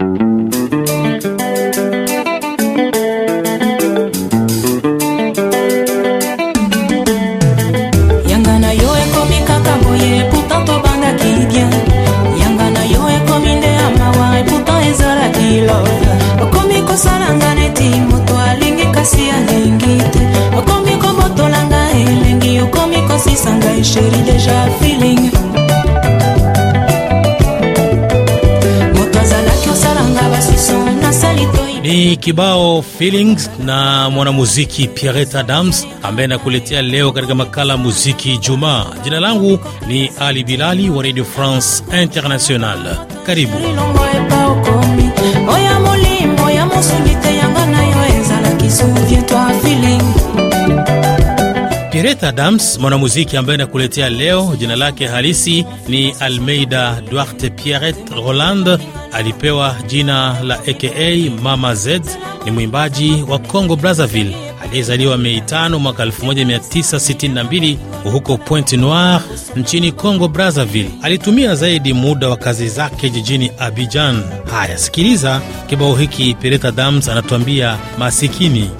Mm-hmm. kibao feelings na mwanamuziki Pierrette Adams ambaye nakuletea leo katika makala muziki juma Jina langu ni Ali Bilali wa Radio France Internationale. Karibu. Gareth Adams, mwanamuziki ambaye nakuletea leo, jina lake halisi ni Almeida Duarte Pierret Roland, alipewa jina la aka Mama Z. Ni mwimbaji wa Congo Brazzaville aliyezaliwa Mei 5 mwaka 1962 huko Point Noir nchini Congo Brazzaville. Alitumia zaidi muda wa kazi zake jijini Abidjan. Haya, sikiliza kibao hiki. Pierret Adams anatuambia masikini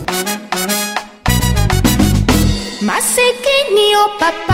papá.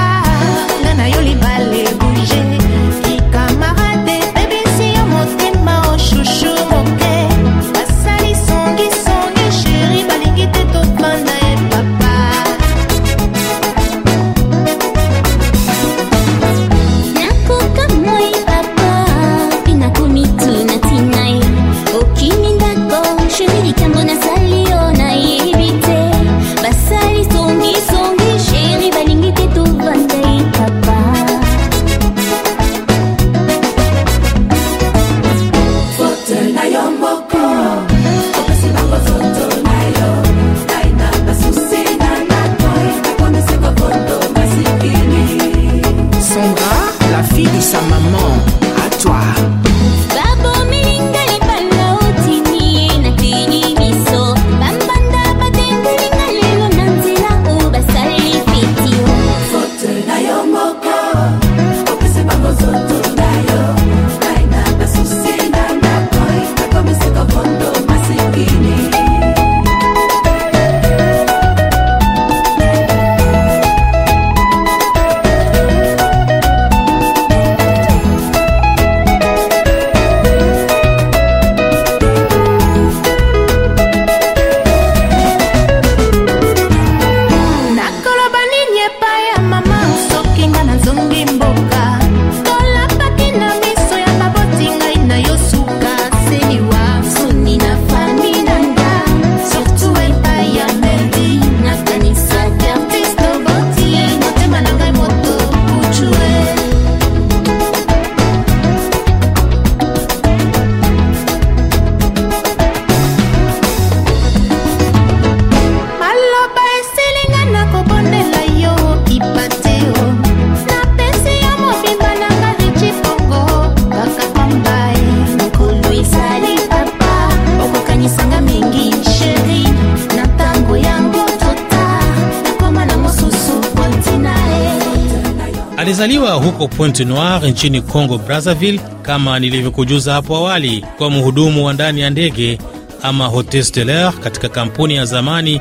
Alizaliwa huko Pointe Noire nchini Congo Brazzaville, kama nilivyokujuza hapo awali, kwa mhudumu wa ndani ya ndege ama hôtesse de l'air katika kampuni ya zamani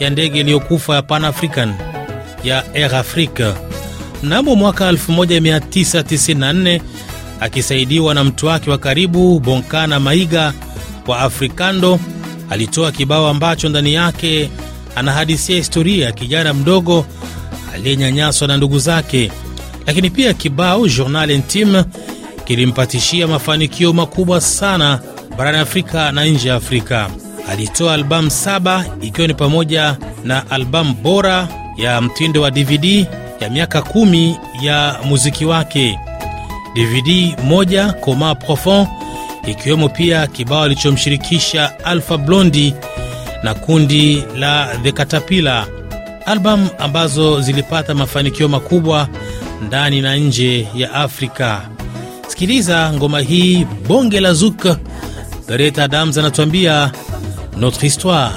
ya ndege iliyokufa ya Pan African ya Air Afrique mnamo mwaka 1994 akisaidiwa na mtu wake wa karibu Bonkana Maiga wa africando alitoa kibao ambacho ndani yake anahadisia historia ya kijana mdogo aliyenyanyaswa na ndugu zake lakini pia kibao Journal Intime kilimpatishia mafanikio makubwa sana barani Afrika na nje ya Afrika. Alitoa albamu saba ikiwa ni pamoja na albamu bora ya mtindo wa DVD ya miaka kumi ya muziki wake, DVD moja Coma Profond, ikiwemo pia kibao alichomshirikisha Alpha Blondy na kundi la The Caterpillar, albamu ambazo zilipata mafanikio makubwa ndani na nje ya Afrika. Sikiliza ngoma hii, bonge la zouk. Gareth Adams anatuambia notre histoire.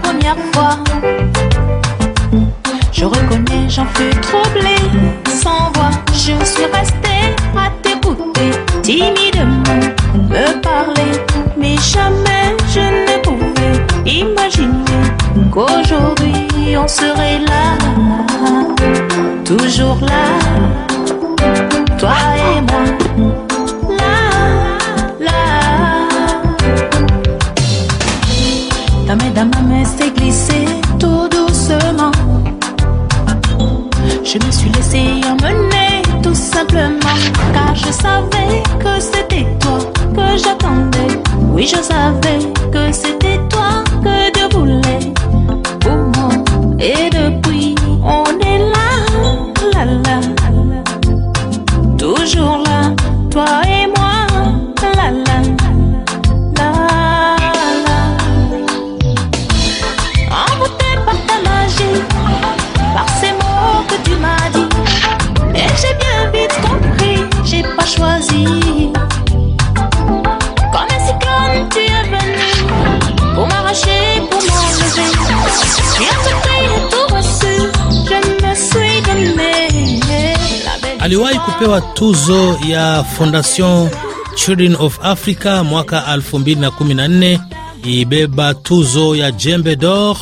première fois. Je reconnais, j'en fus troublé, sans voix. Je suis restée à t'écouter, timidement me parler, mais jamais je ne pouvais imaginer qu'aujourd'hui on serait là, toujours là. je savais que c'était toi que j'attendais. Oui, je savais aliwahi kupewa tuzo ya Fondation Children of Africa mwaka 2014, ibeba tuzo ya Jembe d'Or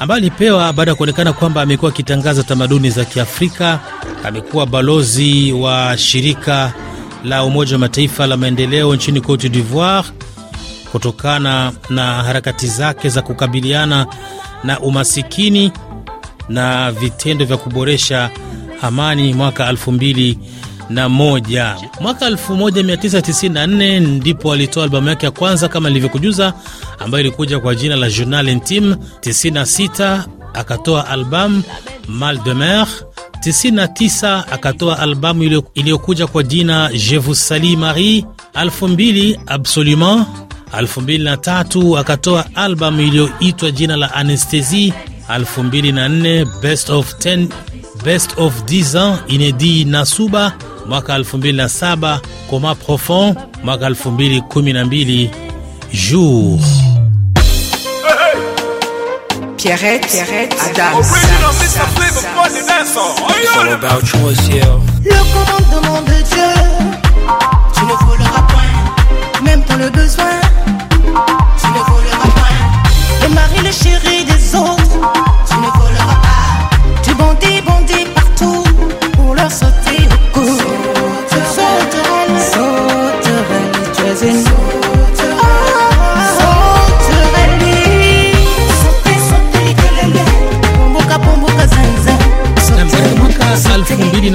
ambayo alipewa baada ya kuonekana kwamba amekuwa akitangaza tamaduni za Kiafrika. Amekuwa balozi wa shirika la Umoja wa Mataifa la maendeleo nchini Cote d'Ivoire kutokana na harakati zake za kukabiliana na umasikini na vitendo vya kuboresha amani mwaka 2001. Mwaka 1994 ndipo alitoa albamu yake ya kwanza kama nilivyokujuza, ambayo ilikuja kwa jina la Journal Intime. 96 akatoa albamu Mal de Mer. 99 akatoa albamu iliyokuja kwa jina Je vous salue Marie. 2000 Absolument. 2003 akatoa albamu iliyoitwa jina la Anesthesie. 2004 Best of 10 Best of 10 ans inédit Nasuba mwaka 2007, Coma Profond mwaka 2012, Jour Pierrette, Pierrette Adams. It's all about choice, yeah. Le commandement de Dieu, tu ne vouleras point, même dans le besoin.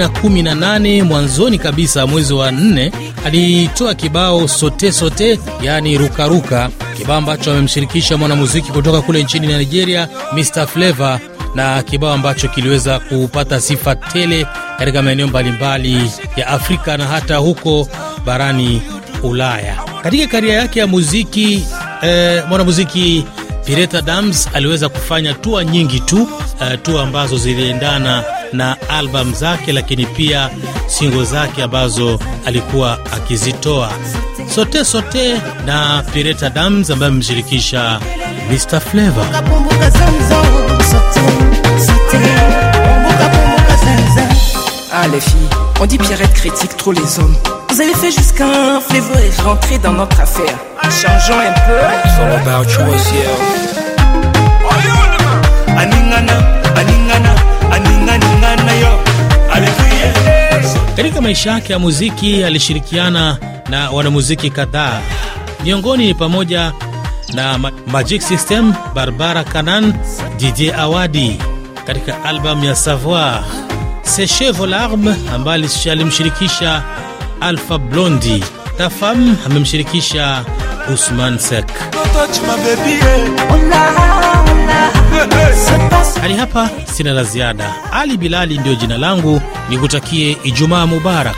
2018 mwanzoni kabisa mwezi wa 4 alitoa kibao sote sote, yani rukaruka, kibao ambacho amemshirikisha mwanamuziki kutoka kule nchini Nigeria Mr Flavor, na kibao ambacho kiliweza kupata sifa tele katika maeneo mbalimbali ya Afrika na hata huko barani Ulaya. Katika karia yake ya muziki eh, mwanamuziki Pireta Dams aliweza kufanya tua nyingi tu, eh, tua ambazo ziliendana na albamu zake, lakini pia singo zake ambazo alikuwa akizitoa. Sote Sote na Pireta Dams ambaye amemshirikisha Mr Flavor. Ah les filles, on dit Pierrette critique trop les hommes. Vous avez fait jusqu'à un flavor et rentrer dans notre affaire. Changeons un peu. It's all about you, yeah. Katika maisha yake ya muziki alishirikiana na wanamuziki kadhaa, miongoni ni pamoja na Magic System, Barbara Canan, DJ Awadi katika albamu ya Savoir, seche volarme ambaye alimshirikisha Alpha blondi Tafam amemshirikisha Usman Sek. Hadi hapa sina la ziada. Ali Bilali ndiyo jina langu, nikutakie Ijumaa mubarak.